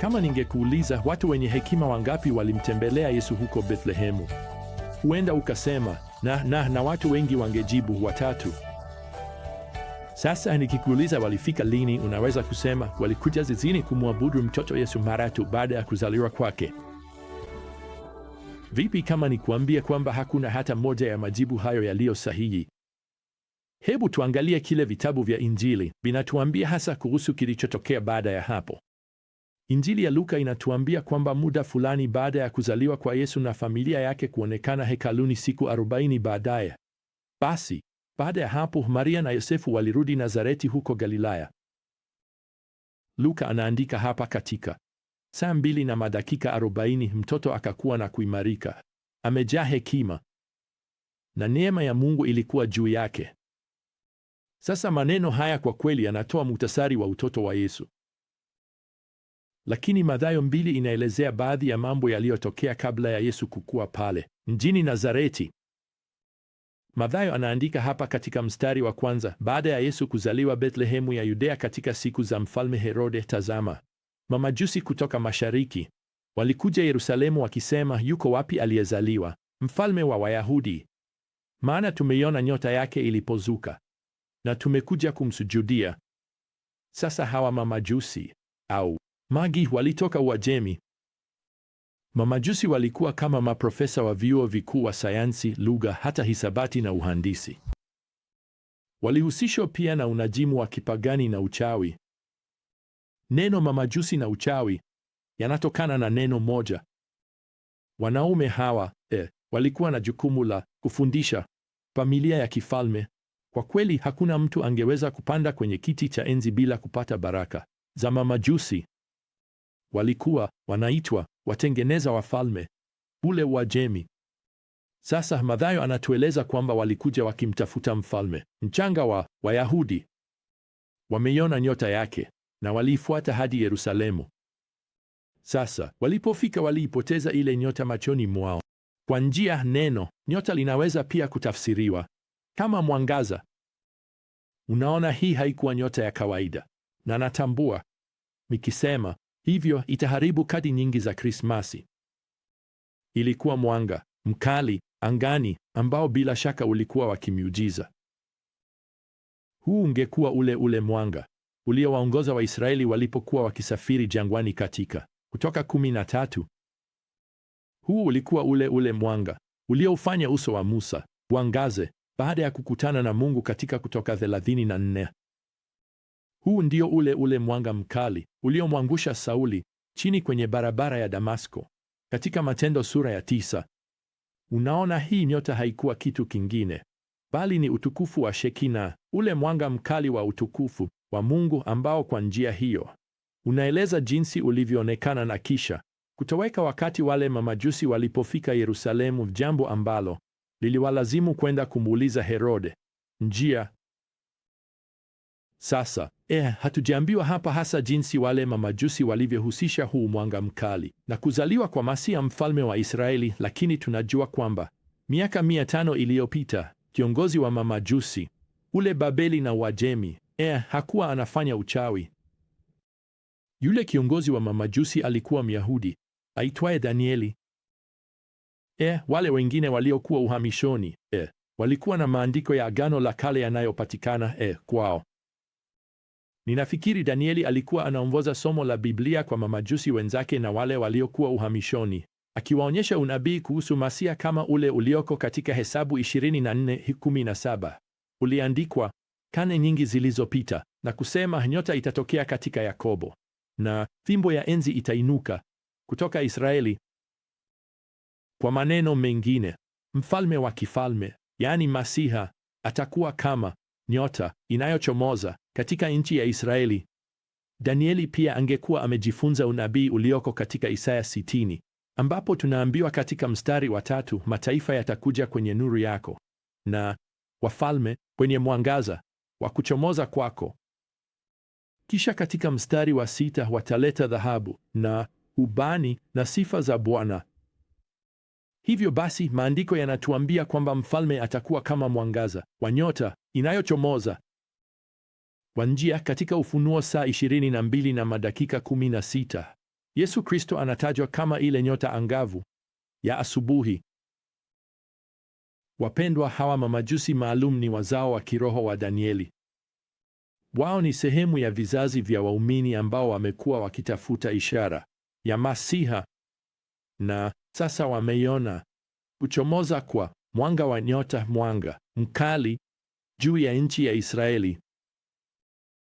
Kama ningekuuliza watu wenye hekima wangapi walimtembelea Yesu huko Bethlehemu, huenda ukasema na na na, watu wengi wangejibu watatu. Sasa nikikuuliza walifika lini, unaweza kusema walikuja zizini kumwabudu mtoto Yesu mara tu baada ya kuzaliwa kwake. Vipi kama nikuambia kwamba hakuna hata moja ya majibu hayo yaliyo sahihi? Hebu tuangalie kile vitabu vya Injili vinatuambia hasa kuhusu kilichotokea baada ya hapo. Injili ya Luka inatuambia kwamba muda fulani baada ya kuzaliwa kwa Yesu na familia yake kuonekana hekaluni siku arobaini baadaye. Basi baada ya hapo Maria na Yosefu walirudi Nazareti huko Galilaya. Luka anaandika hapa katika saa mbili na madakika arobaini mtoto akakuwa na kuimarika, amejaa hekima na neema ya Mungu ilikuwa juu yake. Sasa maneno haya kwa kweli yanatoa muhtasari wa utoto wa Yesu. Lakini Mathayo mbili inaelezea baadhi ya mambo yaliyotokea kabla ya Yesu kukua pale mjini Nazareti. Mathayo anaandika hapa katika mstari wa kwanza, baada ya Yesu kuzaliwa Bethlehemu ya Yudea katika siku za Mfalme Herode, tazama, mamajusi kutoka mashariki walikuja Yerusalemu wakisema, yuko wapi aliyezaliwa mfalme wa Wayahudi? Maana tumeiona nyota yake ilipozuka na tumekuja kumsujudia. Sasa hawa mamajusi au Magi walitoka Uajemi. Mamajusi walikuwa kama maprofesa wa vyuo vikuu wa sayansi, lugha, hata hisabati na uhandisi. Walihusishwa pia na unajimu wa kipagani na uchawi. Neno mamajusi na uchawi yanatokana na neno moja. Wanaume hawa eh, walikuwa na jukumu la kufundisha familia ya kifalme. Kwa kweli, hakuna mtu angeweza kupanda kwenye kiti cha enzi bila kupata baraka za mamajusi walikuwa wanaitwa watengeneza wafalme ule Jemi. Sasa Mathayo anatueleza kwamba walikuja wakimtafuta mfalme mchanga wa Wayahudi, wameiona nyota yake na waliifuata hadi Yerusalemu. Sasa walipofika, waliipoteza ile nyota machoni mwao. Kwa njia neno nyota linaweza pia kutafsiriwa kama mwangaza. Unaona, hii haikuwa nyota ya kawaida, na natambua nikisema hivyo itaharibu kadi nyingi za Krismasi. Ilikuwa mwanga mkali angani ambao bila shaka ulikuwa wa kimiujiza. Huu ungekuwa ule ule mwanga uliowaongoza Waisraeli walipokuwa wakisafiri jangwani katika Kutoka tatu. Huu ulikuwa ule ule mwanga ulioufanya uso wa Musa wangaze baada ya kukutana na Mungu katika Kutoka 34. Huu ndio ule ule mwanga mkali uliomwangusha Sauli chini kwenye barabara ya Damasko katika Matendo sura ya tisa. Unaona, hii nyota haikuwa kitu kingine bali ni utukufu wa Shekina, ule mwanga mkali wa utukufu wa Mungu ambao kwa njia hiyo unaeleza jinsi ulivyoonekana na kisha kutoweka wakati wale mamajusi walipofika Yerusalemu, jambo ambalo liliwalazimu kwenda kumuuliza Herode njia sasa eh, hatujaambiwa hapa hasa jinsi wale mamajusi walivyohusisha huu mwanga mkali na kuzaliwa kwa Masia mfalme wa Israeli, lakini tunajua kwamba miaka mia tano iliyopita kiongozi wa mamajusi ule Babeli na Wajemi eh, hakuwa anafanya uchawi. Yule kiongozi wa mamajusi alikuwa Myahudi aitwaye Danieli. Eh, wale wengine waliokuwa uhamishoni eh, walikuwa na maandiko ya Agano la Kale yanayopatikana eh, kwao Ninafikiri Danieli alikuwa anaongoza somo la Biblia kwa mamajusi wenzake na wale waliokuwa uhamishoni, akiwaonyesha unabii kuhusu Masia kama ule ulioko katika Hesabu 24:17 uliandikwa kane nyingi zilizopita, na kusema nyota itatokea katika Yakobo na fimbo ya enzi itainuka kutoka Israeli. Kwa maneno mengine, mfalme wa kifalme, yaani Masiha, atakuwa kama nyota inayochomoza katika nchi ya Israeli. Danieli pia angekuwa amejifunza unabii ulioko katika Isaya 60 ambapo tunaambiwa katika mstari wa tatu, mataifa yatakuja kwenye nuru yako na wafalme kwenye mwangaza wa kuchomoza kwako. Kisha katika mstari wa sita, wataleta dhahabu na ubani na sifa za Bwana. Hivyo basi maandiko yanatuambia kwamba mfalme atakuwa kama mwangaza wa nyota inayochomoza kwa njia. Katika Ufunuo saa 22 na madakika 16 Yesu Kristo anatajwa kama ile nyota angavu ya asubuhi. Wapendwa, hawa mamajusi maalum ni wazao wa kiroho wa Danieli. Wao ni sehemu ya vizazi vya waumini ambao wamekuwa wakitafuta ishara ya Masiha na sasa wameiona kuchomoza kwa mwanga wa nyota, mwanga mkali juu ya nchi ya Israeli.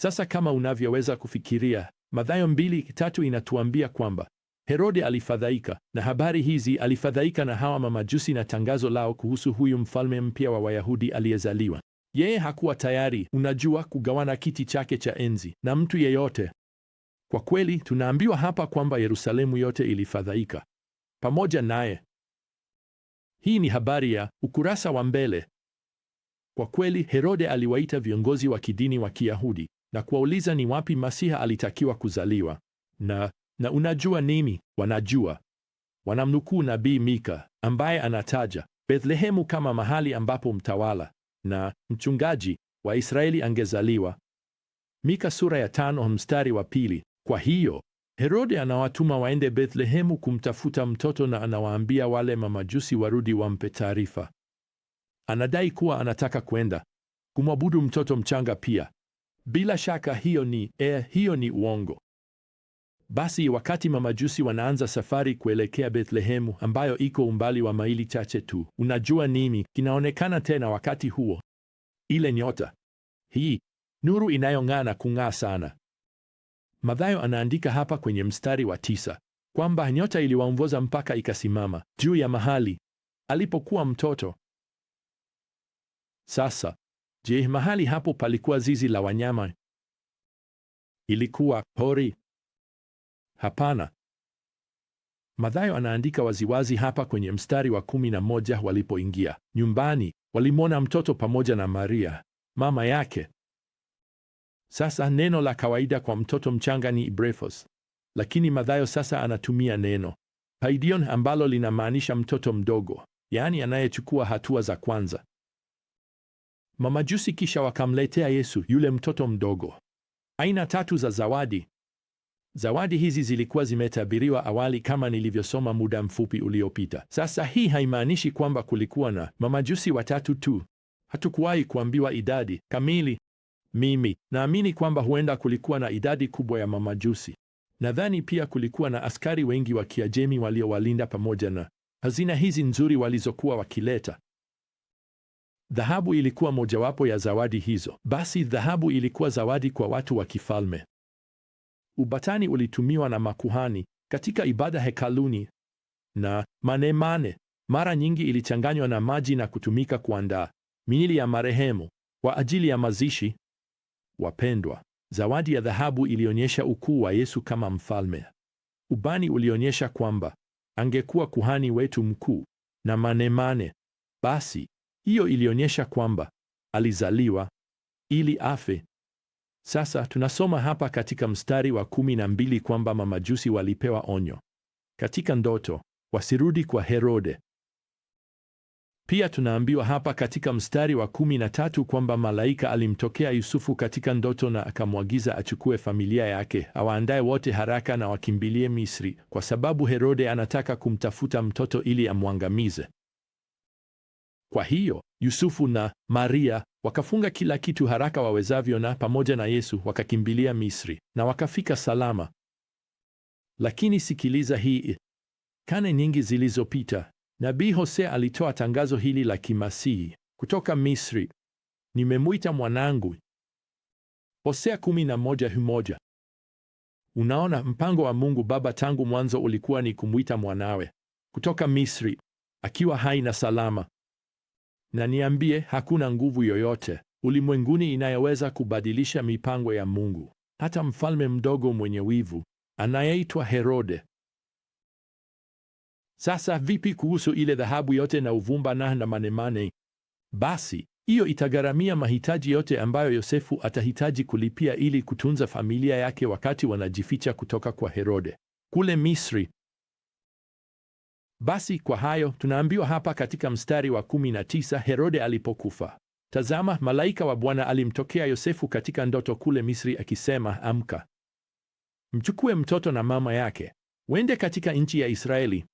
Sasa kama unavyoweza kufikiria, Mathayo mbili tatu inatuambia kwamba Herode alifadhaika na habari hizi, alifadhaika na hawa mamajusi na tangazo lao kuhusu huyu mfalme mpya wa Wayahudi aliyezaliwa. Yeye hakuwa tayari, unajua, kugawana kiti chake cha enzi na mtu yeyote. Kwa kweli tunaambiwa hapa kwamba Yerusalemu yote ilifadhaika pamoja naye. Hii ni habari ya ukurasa wa mbele. Kwa kweli, Herode aliwaita viongozi wa kidini wa Kiyahudi na kuwauliza ni wapi Masiha alitakiwa kuzaliwa. Na na unajua nini? Wanajua. Wanamnukuu nabii Mika ambaye anataja Bethlehemu kama mahali ambapo mtawala na mchungaji wa Israeli angezaliwa. Mika sura ya tano mstari wa pili. Kwa hiyo Herode anawatuma waende Bethlehemu kumtafuta mtoto na anawaambia wale mamajusi warudi wampe taarifa Anadai kuwa anataka kwenda kumwabudu mtoto mchanga pia. Bila shaka hiyo ni eh, hiyo ni uongo. Basi wakati mamajusi wanaanza safari kuelekea Bethlehemu ambayo iko umbali wa maili chache tu, unajua nini kinaonekana tena wakati huo? Ile nyota, hii nuru inayong'aa na kung'aa sana. Mathayo anaandika hapa kwenye mstari wa tisa kwamba nyota iliwaongoza mpaka ikasimama juu ya mahali alipokuwa mtoto. Sasa, je, mahali hapo palikuwa zizi la wanyama? Ilikuwa hori? Hapana. Mathayo anaandika waziwazi hapa kwenye mstari wa kumi na moja walipoingia nyumbani walimwona mtoto pamoja na Maria mama yake. Sasa neno la kawaida kwa mtoto mchanga ni ibrefos, lakini Mathayo sasa anatumia neno paidion ambalo linamaanisha mtoto mdogo, yaani anayechukua hatua za kwanza mamajusi, kisha wakamletea Yesu yule mtoto mdogo. Aina tatu za zawadi. Zawadi hizi zilikuwa zimetabiriwa awali kama nilivyosoma muda mfupi uliopita. Sasa hii haimaanishi kwamba kulikuwa na mamajusi watatu tu. Hatukuwahi kuambiwa idadi kamili. Mimi naamini kwamba huenda kulikuwa na idadi kubwa ya mamajusi. Nadhani pia kulikuwa na askari wengi wa Kiajemi waliowalinda pamoja na hazina hizi nzuri walizokuwa wakileta. Dhahabu ilikuwa mojawapo ya zawadi hizo. Basi dhahabu ilikuwa zawadi kwa watu wa kifalme. Ubatani ulitumiwa na makuhani katika ibada hekaluni, na manemane mara nyingi ilichanganywa na maji na kutumika kuandaa miili ya marehemu kwa ajili ya mazishi. Wapendwa, zawadi ya dhahabu ilionyesha ukuu wa Yesu kama mfalme. Ubani ulionyesha kwamba angekuwa kuhani wetu mkuu na manemane basi hiyo ilionyesha kwamba alizaliwa ili afe. Sasa tunasoma hapa katika mstari wa kumi na mbili kwamba mamajusi walipewa onyo katika ndoto wasirudi kwa Herode. Pia tunaambiwa hapa katika mstari wa kumi na tatu kwamba malaika alimtokea Yusufu katika ndoto na akamwagiza achukue familia yake, awaandae wote haraka na wakimbilie Misri, kwa sababu Herode anataka kumtafuta mtoto ili amwangamize. Kwa hiyo Yusufu na Maria wakafunga kila kitu haraka wawezavyo, na pamoja na Yesu wakakimbilia Misri na wakafika salama. Lakini sikiliza hii, kane nyingi zilizopita nabii Hosea alitoa tangazo hili la kimasihi kutoka Misri, nimemuita mwanangu. Hosea humoja. Unaona, mpango wa Mungu Baba tangu mwanzo ulikuwa ni kumwita mwanawe kutoka Misri akiwa hai na salama. Na niambie, hakuna nguvu yoyote ulimwenguni inayoweza kubadilisha mipango ya Mungu, hata mfalme mdogo mwenye wivu anayeitwa Herode. Sasa vipi kuhusu ile dhahabu yote na uvumba na na manemane? Basi hiyo itagharamia mahitaji yote ambayo Yosefu atahitaji kulipia ili kutunza familia yake wakati wanajificha kutoka kwa Herode kule Misri. Basi kwa hayo tunaambiwa hapa katika mstari wa 19, Herode alipokufa, tazama, malaika wa Bwana alimtokea Yosefu katika ndoto kule Misri akisema, amka, mchukue mtoto na mama yake, wende katika nchi ya Israeli.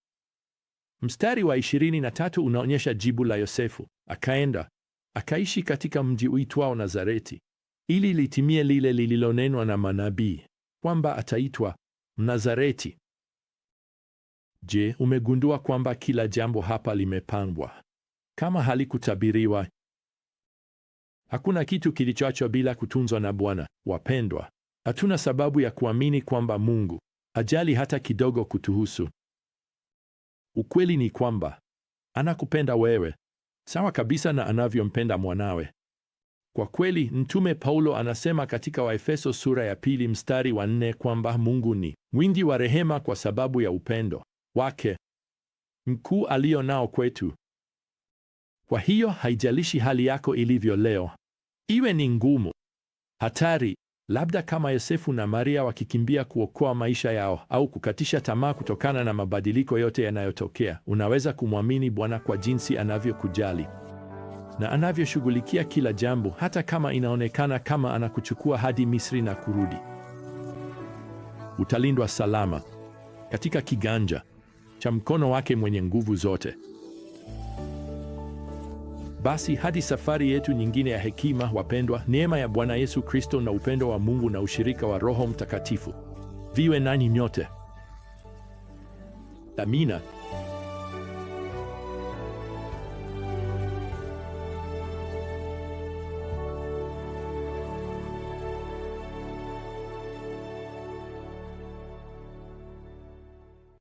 Mstari wa 23 unaonyesha jibu la Yosefu, akaenda akaishi katika mji uitwao Nazareti, ili litimie lile lililonenwa na manabii kwamba ataitwa Nazareti. Je, umegundua kwamba kila jambo hapa limepangwa kama halikutabiriwa? Hakuna kitu kilichoachwa bila kutunzwa na Bwana. Wapendwa, hatuna sababu ya kuamini kwamba Mungu ajali hata kidogo kutuhusu. Ukweli ni kwamba anakupenda wewe sawa kabisa na anavyompenda mwanawe. Kwa kweli, mtume Paulo anasema katika Waefeso sura ya pili mstari wa nne kwamba Mungu ni mwingi wa rehema kwa sababu ya upendo wake mkuu alio nao kwetu. Kwa hiyo haijalishi hali yako ilivyo leo, iwe ni ngumu, hatari, labda kama Yosefu na Maria wakikimbia kuokoa maisha yao, au kukatisha tamaa kutokana na mabadiliko yote yanayotokea, unaweza kumwamini Bwana kwa jinsi anavyokujali na anavyoshughulikia kila jambo, hata kama inaonekana kama anakuchukua hadi Misri na kurudi. Utalindwa salama katika kiganja cha mkono wake mwenye nguvu zote. Basi hadi safari yetu nyingine ya hekima, wapendwa, neema ya Bwana Yesu Kristo na upendo wa Mungu na ushirika wa Roho Mtakatifu viwe nanyi nyote. Amina.